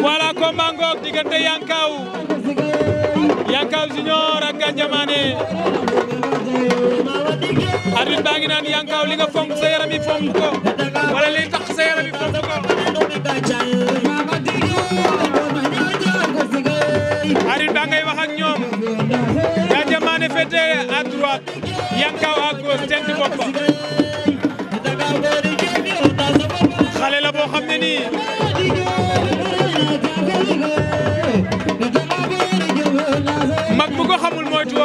voilà combat ngoog diggante Yankaw Yankaw Junior ak Gandia Mané arbitre baa ngi naan Yankaw li nga fonk yaram yi fonk ko wala li tax yaram yi fonk ko arbitre baa ngay wax ak ñoom Gandia Mané féete à Yankaw à gauche tent boppam xale la boo xam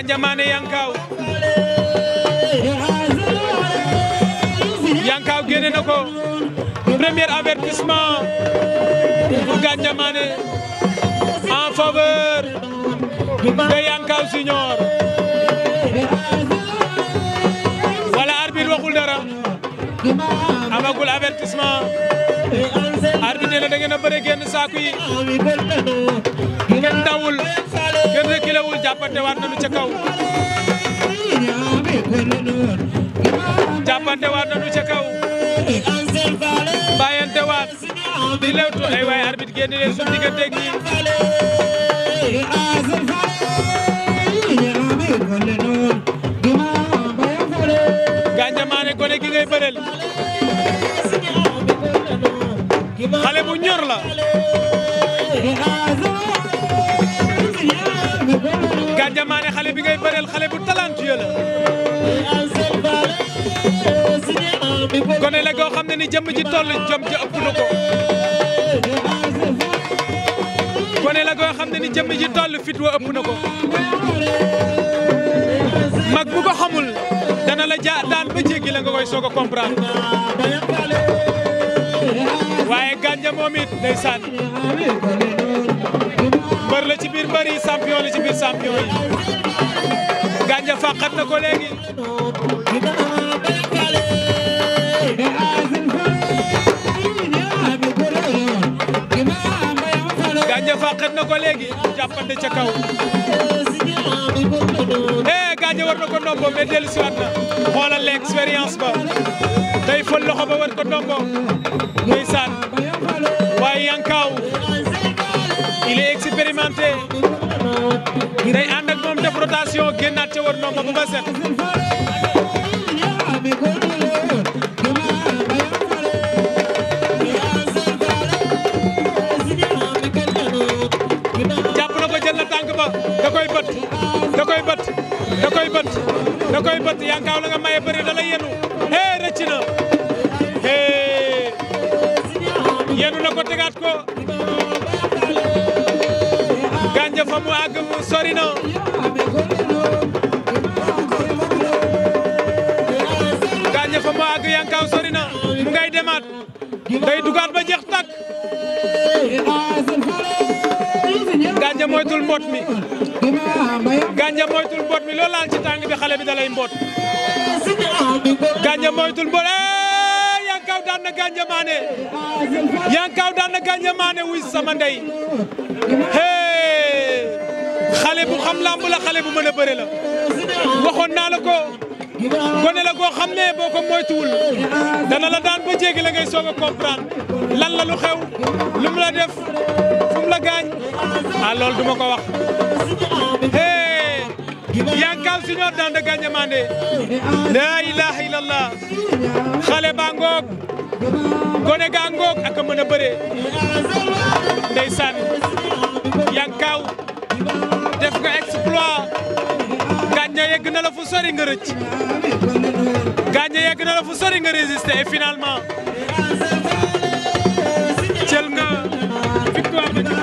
Ganja Yankaw Yankaw génne ko premier avertissement pour Ganja Mané en faveur de Yankaw Junior wala arbitre waxul dara amagul avertissement arbitre nee na da ngeen a bëre génn saako dawul kenn reculewul jàppante waat nañu ca kaw jàppante waat nañu ca kaw bàyyante waat di lewtu ay waay arbitre génn leen suñu diggante ak Gandia Mané gone gi ngay bëreel xale bu ñor la Gandia Mané xale bi ngay bëreel xale bu talentueux la gone la goo xam ne ni jëmm ji toll jom ji ëpp na ko gone la goo xam ne ni jëmm ji toll fit wa ëpp na ko mag bu ko dana la ja daan ba la nga koy soog a comprendre waaye Gandia moom it ndeysaan mbër la ci biir mbër yi champion la ci biir champion yi Gandia na ko léegi Gandia fàqat na ko léegi jàppante Diagne war na ko ndombo mais dellu siwaat na xoolal l'expérience ba day fël loxo ba war ko ndombo ndeysaan waaye Yankaaw il est expérimenté day ànd ak moom def rotation génnaat ca war ndombo bu ba set jàpp na ko jël na tànk ba da koy bët da koy bët Kaaw la nga maye bëri da lay yenu hee rëcc na hee yenu na ko tegaat ko gànja fa mu àgg mu mu ngay demaat day dugaat ba jeex tàkk gànja moytul mbot mi moytul mbot mi ci tàng bi xale bi da mbot Gandia moytul mbole eh, Yankaw daan na Gandia Mané Yankaw daan na Gandia Mané wuy sama ndey hey xale bu xam lamb la xale bu mën a naa la ko gone la goo xam ne boo ko moytuwul dana la daan ba la ngay soog a comprendre lan la lu xew lu mu la def fu mu la gaañ ah du ma ko wax hey Yankal Senior Danda Gagné Mandé la ilaha illallah xale ba ngoog gone ga a mën a bëre ndeysaan Yankaw def nga exploit Gagné yegg na fu sori nga rëcc Gagné yegg na fu sori nga résister et finalement jël nga victoire